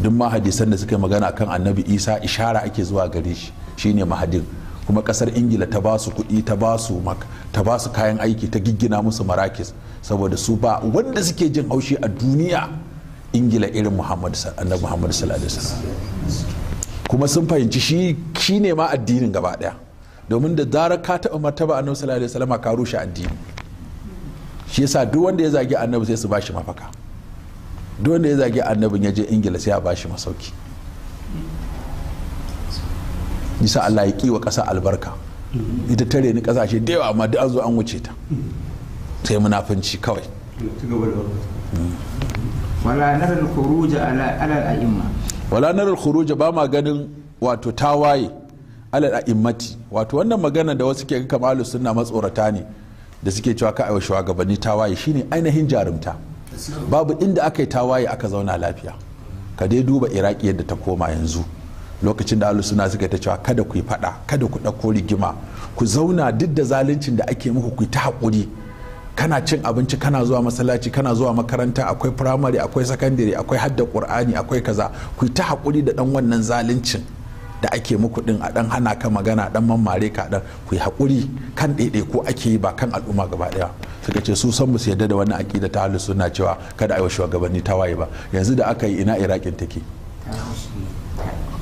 duk ma hadisan da suka yi magana kan annabi isa ishara ake zuwa gare shi shine mahadin kuma kasar ingila ta ba su ta basu su ta ba kayan aiki ta giggina musu marakis saboda su ba wanda suke jin haushi a duniya ingila irin muhammad sallallahu alaihi wasallam kuma sun fahimci shi shi ne ma addinin gaba daya domin da zarar ka taɓa martaba annabi sallallahu alaihi wasallam ka rushe addini shi yasa duk wanda ya zagi annabi sai su bashi mafaka duk wanda ya zagi annabin ya je ingila sai ya bashi masauki yasa Allah ya kiwa kasa albarka ita tare ni kasashe da yawa amma duk an zo an wuce ta sai munafunci kawai wala nara al-khuruj ala al-a'imma wala narar khuruja ba ma ganin wato tawaye alal a'immati wato wannan magana da wasu ke ga kamar sunna matsorata ne da suke cewa ka aiwa shugabanni tawaye shine ainihin jarumta babu inda aka yi tawaye aka zauna lafiya ka dai duba iraki yadda ta koma yanzu lokacin da alu suna suka ta cewa kada ku yi fada kada ku ɗauko rigima ku zauna duk da zaluncin da ake muku ku ta haƙuri kana cin abinci kana zuwa masallaci kana zuwa makaranta akwai firamare akwai sakandare akwai hadda qur'ani akwai kaza ku ta hakuri da ɗan wannan zaluncin da ake muku ɗin a ɗan hana ka magana dan mammare ka dan ku hakuri kan ɗaiɗai ko ake yi ba kan al'umma gaba daya suka ce su san musu yadda da wannan aƙida ta halu suna cewa kada wa shugabanni ta waye ba yanzu da aka yi ina iraqin take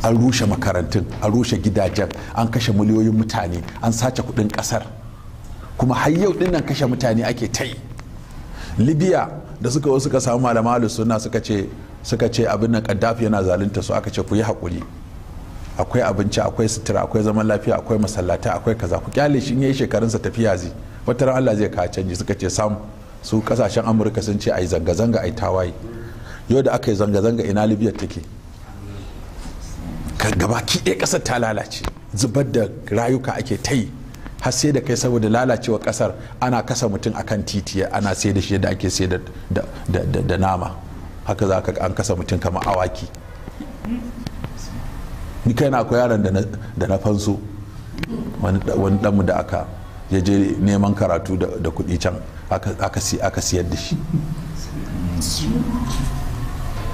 an rushe makarantun an rushe gidajen an kashe miliyoyin mutane an sace kudin kasar kuma har yau din kashe mutane ake ta yi libya da suka wasu suka samu malama suna suka ce suka ce abin nan kaddafi yana zalunta su aka ce ku yi hakuri akwai abinci akwai sutura akwai zaman lafiya akwai masallata akwai kaza ku kyale shi in yayi shekarunsa tafiya zai wata ran Allah zai ka canji suka ce sam su kasashen Amurka sun ce ai zanga zanga ai tawaye yau da aka yi zanga zanga ina Libya take gabaki ɗaya ƙasar ta lalace zubar da rayuka ake ta yi har sai da kai saboda lalacewa kasar ana kasa mutum akan titi ana sai da shi yadda ake sai da nama haka za ka an kasa mutum kamar awaki ni kai na akwai yaron da na fansu wani danmu da aka ya je neman karatu da kudi can aka siyar da shi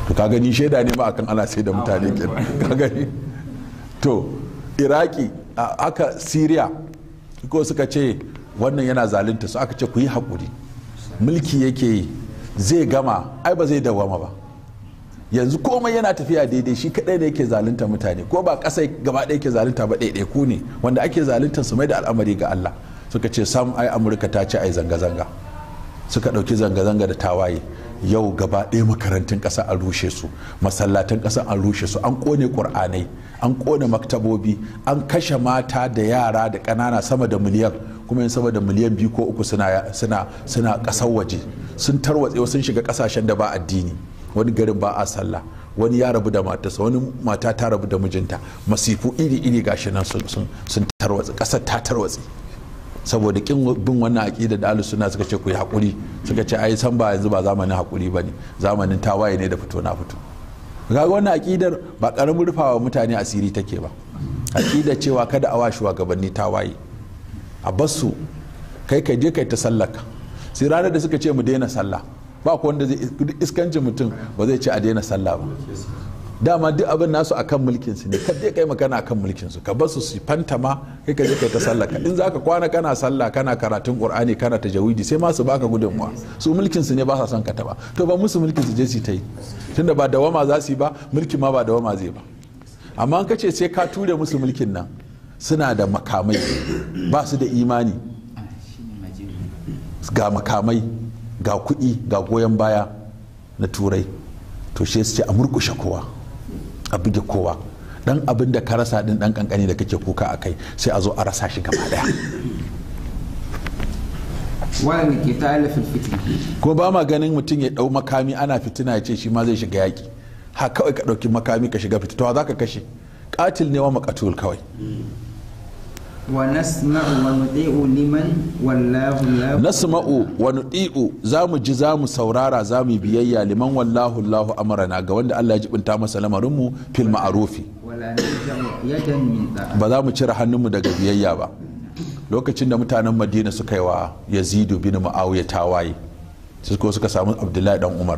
to ka gani shaida ne ba akan ana sai da mutane kin ka gani to iraki aka syria ko suka ce wannan yana zalunta su aka ce ku yi haƙuri mulki yake zai gama ai ba zai dawama ba yanzu komai yana tafiya daidai shi kadai ne yake zalunta mutane ko ba kasa gaba ɗaya yake zalunta ba ku ne wanda ake zalunta su mai da al'amari ga Allah suka ce sam ai amurka ta ce ai zanga-zanga suka ɗauki zanga-zanga da tawaye yau gaba ɗaya makarantun ƙasa an rushe su masallatan ƙasa an rushe su an ƙone ƙur'anai an ƙone maktabobi an kashe mata da yara da ƙanana sama da miliyan kuma yin sama da miliyan biyu ko uku suna suna ƙasar waje sun tarwatse sun shiga ƙasashen da ba addini wani garin ba a sallah wani ya rabu da matarsa wani mata ta rabu da mijinta masifu iri iri gashi nan sun tarwatse ƙasar ta tarwatse saboda kin bin wannan aƙida da ahlus suna suka ce ku yi hakuri suka ce ai san ba yanzu ba zamanin hakuri bane zamanin tawaye ne da fito na fito ga wannan aƙidar ba karamin rufawa mutane asiri take ba aqida cewa kada a washi gabanni tawaye a basu kai kai je kai ta sallaka sai ranar da suka ce mu daina sallah ba ku wanda zai iskancin mutum ba zai ce a daina sallah ba dama duk abin nasu akan mulkin su ne ka je kai magana akan mulkin su ka bar su su fantama kai ka je kai ta sallah ka in ka kwana kana sallah kana karatun qur'ani kana tajawidi sai ma su baka gudunmuwa su mulkin su ne ba sa son ka taba to ba musu mulkin su je su ta yi tunda ba dawama za su yi ba mulkin ma ba dawama zai ba amma an kace sai ka ture musu mulkin nan suna da makamai ba su da imani ga makamai ga kuɗi ga goyon baya na turai to shi su ce a murkushe kowa a buge kowa dan abin da ka rasa din dan kankani da kake kuka a kai sai a zo a rasa shi gaba daya ko ba ma ganin mutum ya dau makami ana fitina ya ce shi ma zai shiga yaki ha kawai ka dauki makami ka shiga fitina to za ka kashe katil ne wa makatul kawai wa nasma'u wa nuti'u za mu za mu zamu ji zamu saurara zamu biyayya liman wallahu allahu ga wanda Allah ya jibinta masa lamarin mu fil ma'rufi ba za mu cire hannunmu daga biyayya ba lokacin da mutanen madina suka yi wa yazidu bin ma'awiya tawaye suka suka samu abdullahi dan umar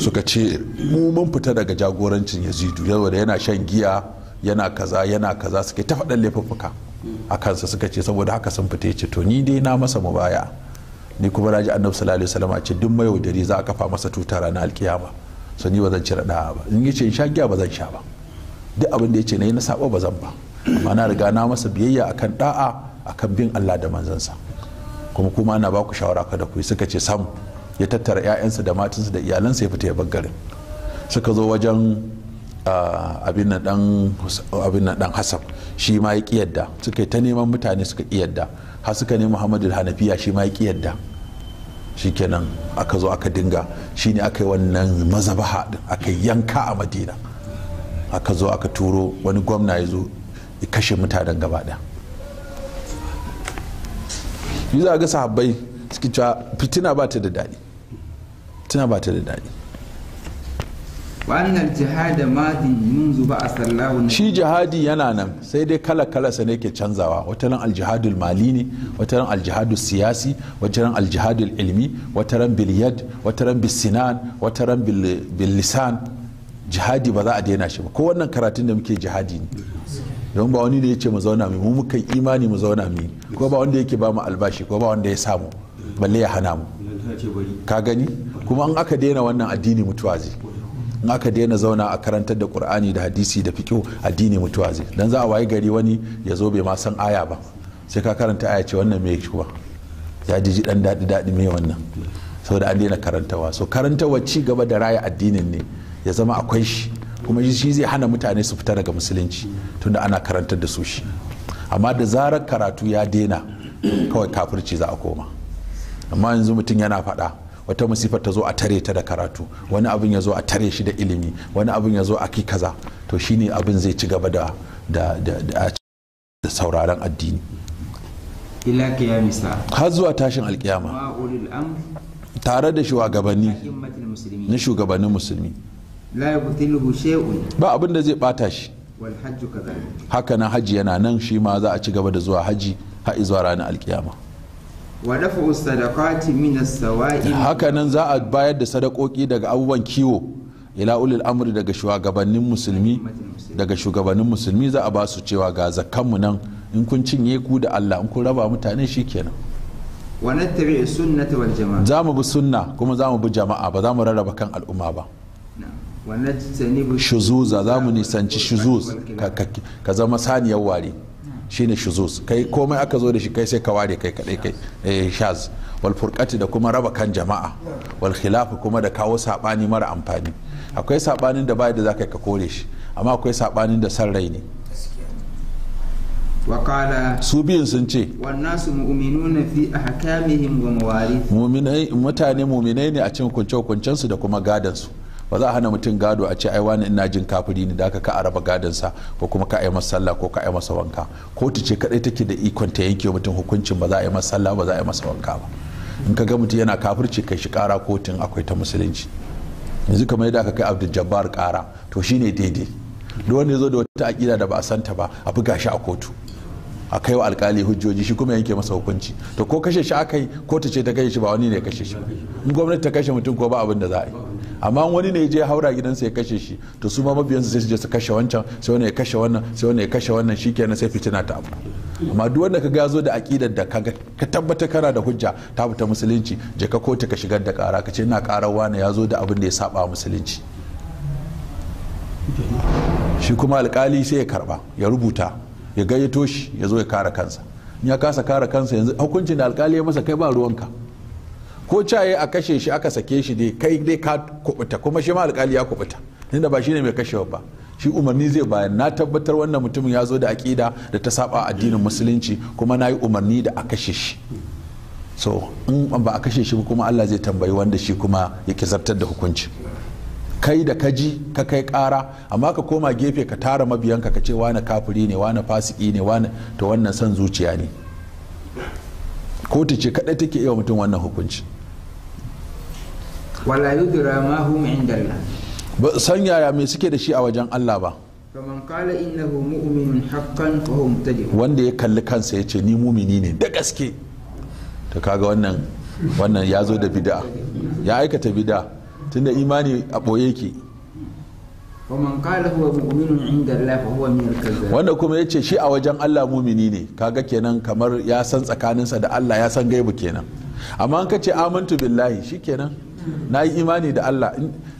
suka ce mu mun fita daga jagorancin yazidu yau da yana shan giya yana kaza yana kaza suke ta faɗan laifuffuka a kansa suka ce saboda haka sun fita ce to ni dai na masa mubaya ni kuma na ji annabi sallallahu alaihi wasallam ce duk mai wadari za a kafa masa tuta ranar alkiyama so ni ba zan cire da'a ba in yace in sha giya ba zan sha ba duk abin da yace nayi na saba ba zan ba amma na riga na masa biyayya akan da'a akan bin Allah da manzansa kuma kuma na baku ku shawara kada ku suka ce sam ya tattara 'ya'yansa da matansa da iyalansa ya fita ya bar garin suka zo wajen Ah, abin na dan hassan shi ma ya kiyarda suka ta neman mutane suka kiyadda har suka ne muhammadu hanafiya shi ma ya shi kenan aka zo aka dinga shi ne aka yi wannan mazabaha aka yanka a madina aka zo aka turo wani gwamna ya zo ya kashe mutanen gaba ɗaya yi za a ga sahabbai suke cewa fitina ba ta da daɗi wannan jihada munzu ba a sallahu shi jihadi yana nan sai dai kala kala sa ne ke canzawa wata ran aljihadul mali ne wata ran aljihadul siyasi wata ran aljihadul ilmi wata ran bil wata ran bil wata ran bil jihadi ba za a daina shi ba ko wannan karatun da muke jihadi ne don ba wani da ya ce mu zauna mu mu kai imani mu zauna mu ko ba wanda yake ba mu albashi ko ba wanda ya samu balle ya hana mu ka gani kuma an aka daina wannan addini mutuwa zai in aka daina zauna a karantar da qur'ani da hadisi da fiƙo addini mutuwa zai dan za a wayi gari wani ya zo bai ma san aya ba sai ka karanta aya ce wannan me kuwa ya ji dan daɗi daɗi me wannan saboda an daina karantawa so karantawa ci gaba da raya addinin ne ya zama akwai shi kuma shi zai hana mutane su fita daga musulunci tunda ana karantar da su shi amma da zarar karatu ya daina kawai kafirci za a koma amma yanzu mutum yana faɗa wata musifar ta zo a tare ta da karatu wani abin ya zo a tare shi da ilimi wani abin ya zo a ki kaza to shine abin zai ci gaba da da sauraron addini har zuwa tashin alkiyama tare da shugabanni na shugabannin musulmi ba abin da zai bata shi haka nan hajji yana nan shi ma za a ci gaba da zuwa haji har zuwa ranar alkiyama wa haka nan za a bayar da sadakoki daga abubuwan kiwo ila ulil amri daga shugabannin musulmi daga shugabannin musulmi za a ba su cewa ga zakkanmu nan in kun cinye ku da Allah in kun raba mutane shikenan wa za mu bi sunna kuma za mu bi jama'a ba za mu rarraba kan al'umma ba shuzuza za mu nisanci shuzuz ka zama saniyar ware shine shuzuz kai komai aka zo da shi kai sai ka ware kai kadai kai eh, shaz wal furqati da kuma raba kan jama'a wal khilaf kuma da kawo sabani mara amfani akwai sabanin da bai da zaka ka kore shi amma akwai sabanin da san rai ne su biyun sun ce muminai mutane muminai ne a cikin kunce su da kuma gadansu ba za a hana mutum gado a ce ai wani ina jin kafiri ne da ka a raba sa ko kuma ka a yi masa sallah ko ka a yi masa wanka kotu ce kadai take da ikon ta yanke mutum hukuncin ba za a yi masa sallah ba za a yi masa wanka ba in ka ga mutum yana kafirci kai shi kara kotun akwai ta musulunci yanzu kamar yadda aka kai abdul jabbar kara to shine daidai duk wanda ya zo da wata akida da ba a santa ba a buga shi a kotu a kai wa alkali hujjoji shi kuma yanke masa hukunci to ko kashe shi aka yi kotu ce ta kashe shi ba wani ne ya kashe shi ba. in gwamnati ta kashe mutum ko ba abin da za a yi amma wani ne je haura gidansa ya kashe shi to su ma mabiyansa sai su je su kashe wancan sai wani ya kashe wannan sai wani ya kashe wannan shikenan sai fitina ta abu amma duk wanda ka zo da aqidar da ka tabbata kana da hujja ta fita musulunci je ka kotu ka shigar da kara ka ce ina karar wani ya zo da abin da ya saba musulunci shi kuma alkali sai ya karba ya rubuta ya gayyato shi ya zo ya kare kansa in ya kasa kara kansa yanzu hukuncin da alkali ya masa kai ba ruwanka ko caye a kashe shi aka sake shi dai kai dai ka kubuta kuma shi ma alkali ya kubuta inda ba shine mai kashewa ba shi umarni zai bayan na tabbatar wannan mutumin ya zo da aƙida da ta saba addinin musulunci kuma na yi umarni da a kashe shi so in ba a kashe shi kuma Allah zai tambayi wanda shi kuma ya zartar da hukunci kai da kaji ka kai kara amma ka koma gefe ka tara mabiyanka ka ce wani kafiri ne wani fasiki ne wani to wannan son zuciya ne kotu ce kaɗai take iya mutum wannan hukunci wala yudra ma hum ba san yaya me suke da shi a wajen Allah ba innahu mu'minun haqqan fa hum wanda ya kalli kansa ya ce ni mumini ne da gaske ta kaga wannan wannan ya zo da bid'a ya aikata bid'a tunda imani a boye yake wanda kuma ya ce shi a wajen Allah mumini ne kaga kenan kamar ya san tsakaninsa da Allah ya san gaibu kenan amma an ka ce amantu billahi shi kenan na yi imani da Allah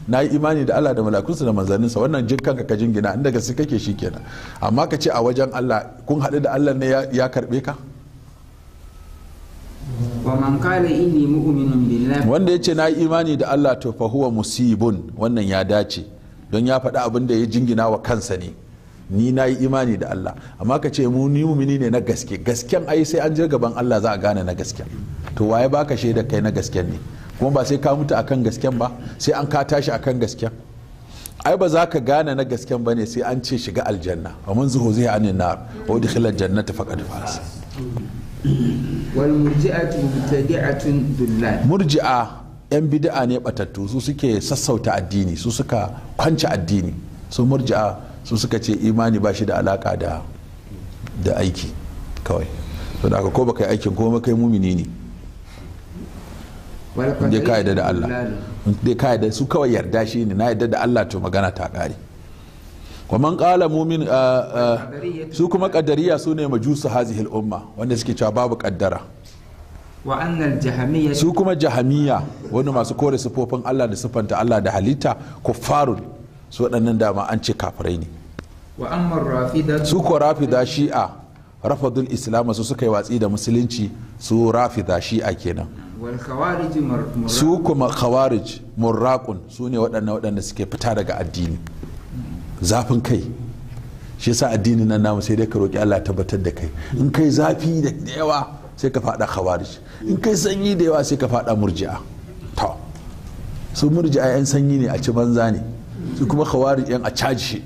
na yi imani da Allah da malakunsa da manzanninsa wannan jin kanka ka jingina inda gaske kake shi kenan amma ka ce a wajen Allah kun haɗu da Allah ne ya karɓe ka wanda ya ce na yi imani da Allah to fa huwa musibun wannan ya dace don ya faɗi abin da ya jingina wa kansa ne ni na yi imani da Allah amma ka ce mu ni mumini ne na gaske gasken ai sai an je gaban Allah za a gane na gasken to waye baka shaida kai na gasken ne kuma ba sai ka mutu a kan gasken ba sai an ka tashi akan gasken ai ba za ka gane na gasken ba ne sai an ce shiga aljanna wa mun zuhu zai anin na wadda udkhila janna ta faz da murji'a yan bid'a ne batattu su suke sassauta addini su suka kwanci addini su murji'a su suka ce imani ba shi da alaka da aiki kawai to da ko baka yi aikin ko kai mumini ne da ka yarda da Allah da ka yarda su kawai yarda shi ne na yarda da Allah to magana ta kare kwaman kala mumin su kuma kaddariya su ne majusu hazi hilumma wanda suke cewa babu kaddara su kuma jahamiya wani masu kore sufofin Allah da sufanta Allah da halitta ko faru su waɗannan dama an ce kafirai ne su ko rafida shi'a rafadul islam su suka yi watsi da musulunci su rafida shi'a kenan su kuma khawarij sune su ne waɗannan waɗanda suke fita daga addini zafin kai shi yasa addini nan namu sai dai ka roki Allah tabbatar da kai in kai zafi da yawa sai ka fada khawarij in kai sanyi da yawa sai ka fada murji'a to su murji'a yan sanyi ne a ci banza ne su kuma khawarij yan a caji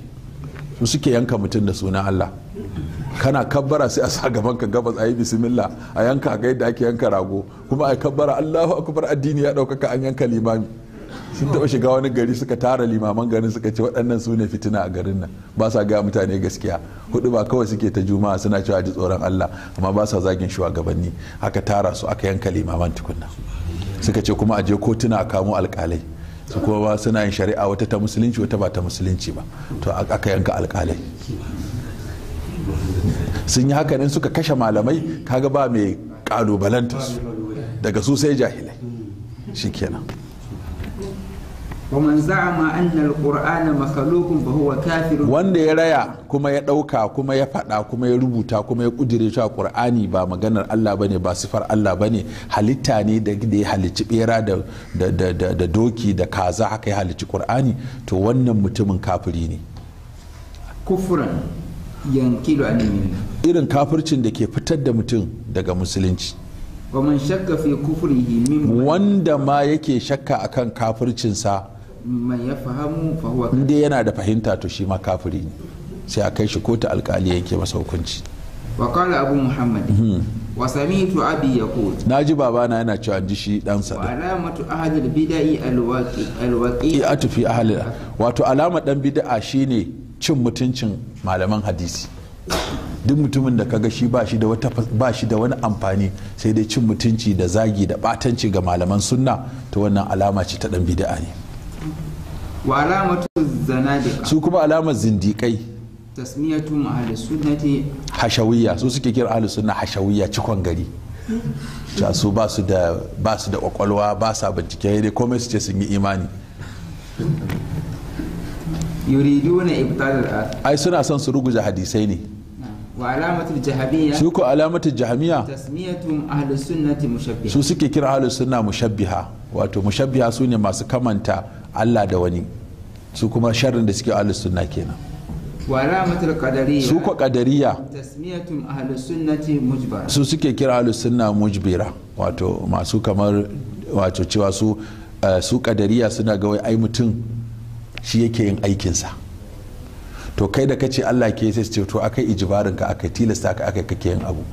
su suke yanka mutum da sunan Allah kana kabbara sai a sa gaban ka gabas a yi bismillah a yanka ga yadda ake yanka rago kuma a kabbara Allahu akbar addini ya ɗaukaka an yanka limami sun taɓa shiga wani gari suka tara limaman garin suka ce waɗannan su ne fitina a garin nan ba sa gaya mutane gaskiya hudu ba kawai suke ta juma'a suna cewa ji tsoron Allah amma ba sa zagin gabanni aka tara su aka yanka limaman tukunna suka ce kuma a je kotuna a kamo alkalai su kuma suna yin shari'a wata ta musulunci wata ba ta musulunci ba to aka yanka alkalai sun yi haka in suka kashe malamai kaga ba mai kalubalanta su daga su sai jahilai shi kenan wanda ya raya kuma ya ɗauka kuma ya faɗa kuma ya rubuta kuma ya ƙudire a ƙur'ani ba maganar Allah bane ba sifar Allah bane halitta ne da ya halicci bera da doki da kaza haka ya halicci kur'ani to wannan mutumin kafiri ne kufran yankilu an irin kafircin da ke fitar da mutum daga musulunci wanda ma yake shakka akan kafircinsa inda yana da fahimta to shi ma kafiri ne sai a kai shi kotu alkali yake masa hukunci wakala abu muhammad mhm. wa samitu abi Na ji babana yana cewa ji shi dan sa alamatu bida'i bid'ah alwaqi a tufi ahlul wato alama dan shi shine cin mutuncin malaman hadisi duk mutumin da kaga shi ba shi da wani amfani sai dai cin mutunci da zagi da batanci ga malaman sunna ta wannan alama ce ta dan bid'a ne wa alamatu su kuma alamar zindiƙai ma ahli sunnati hashawiyya su suke kira ahli sunna hashawiyya cikon gari ta su ba su da ba su da kwakwalwa ba sa bincike dai komai su ce sun yi imani ai suna son su ruguza hadisai ne wa alamatul jahabiyya su ko alamatul jahamiyya tasmiyatum ahlus sunnati mushabbiha su suke kira ahlus sunna mushabbiha wato mushabbiha su ne masu kamanta Allah da wani su kuma sharrin da suke ahlus sunna kenan wa alamatul qadariyya su ko qadariyya tasmiyatum ahlus sunnati su suke kira ahlus sunna mujbira wato masu kamar wato cewa su eh, su qadariya suna ga wai ai mutum shi yake yin aikinsa to kai da kace Allah ke sai ce to akai ijibarin ka akai tilasta ka akai kake yin abu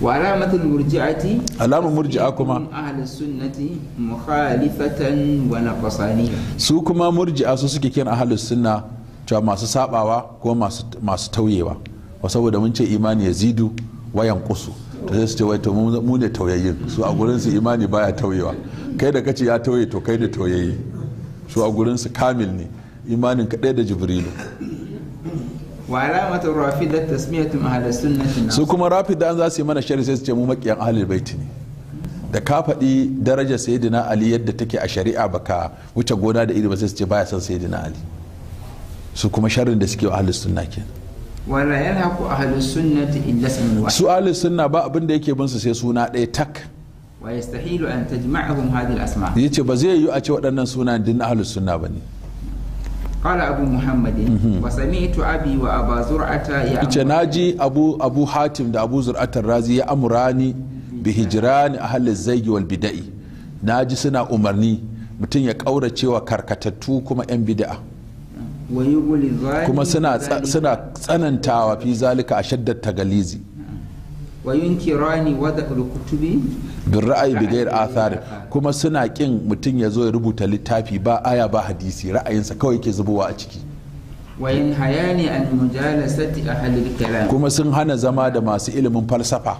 wa alamatul murji'ati alamun murji'a kuma ahlus sunnati mukhalifatan wa naqsani su kuma murji'a su suke kiran ahlus sunna cewa masu sabawa ko masu tauyewa wa saboda mun ce imani yazidu wa yanqusu to sai su ce wai to mu ne tauyayyin su a gurin su imani baya tauyewa kai da kace ya tauye to kai da tauyayyi su a gurinsu kamil ne imanin kaɗai da jibrilu su kuma rafida an za su yi mana shari sai su ce mu makiyan ahlul baiti ne da ka faɗi darajar sayyidina ali yadda take a shari'a baka wuce gona da iri ba sai su ce baya son sayyidina ali su kuma sharrin da suke wa ahlus sunna ke su ahlus sunna ba abin da yake bin su sai suna ɗaya tak wa yastahilu an tajma'ahum hadhihi al-asma yace ba zai yi a ce waɗannan suna din suna ba ne. qala abu muhammadin wa sami'tu abi wa ba zur'ata ya yace naji abu abu hatim da abu zur'atar razi ya amurani bi a halin zayyi wal bida'i ji suna umarni mutum ya kauracewa karkatattu kuma yan bida'a kuma suna tsanantawa fi zalika a shaddar tagalizi wayunkirani wada kutubi bilra'ayi bi gair athar kuma suna kin mutum yazo ya rubuta littafi ba aya ba hadisi ra'ayinsa kawai ke zubowa a ciki wayin hayani an mujalasati ahli kalam kuma sun hana zama da masu ilimin falsafa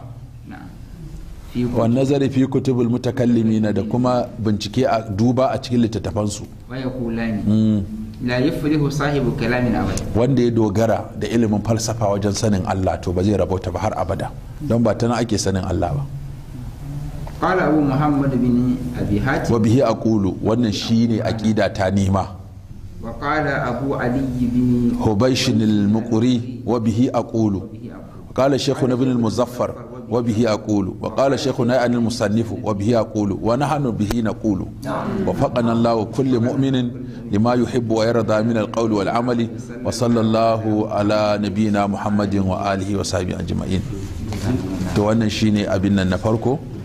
wa nazari fi kutubul mutakallimina da kuma bincike a duba a cikin littattafansu wa la sahibu kalamin abada wanda ya dogara da ilimin falsafa wajen sanin Allah to ba zai rabauta ba har abada don ba tana ake sanin Allah ba qala abu muhammad bin abi hatim wa bihi aqulu wannan shine aqida ta nima wa qala abu ali bin hubaysh al-muqri wa bihi aqulu qala shaykh al-muzaffar wa bihi kulu wa qala shaykhuna anil musannif wa bihi aqulu wa nahnu bihi naqulu wa faqana Allahu kulli mu'minin lima yuhibbu wa yarda min alqawli wal amali wa sallallahu ala nabiyyina Muhammadin wa alihi wa sahbihi ajma'in to wannan shine abin nan na farko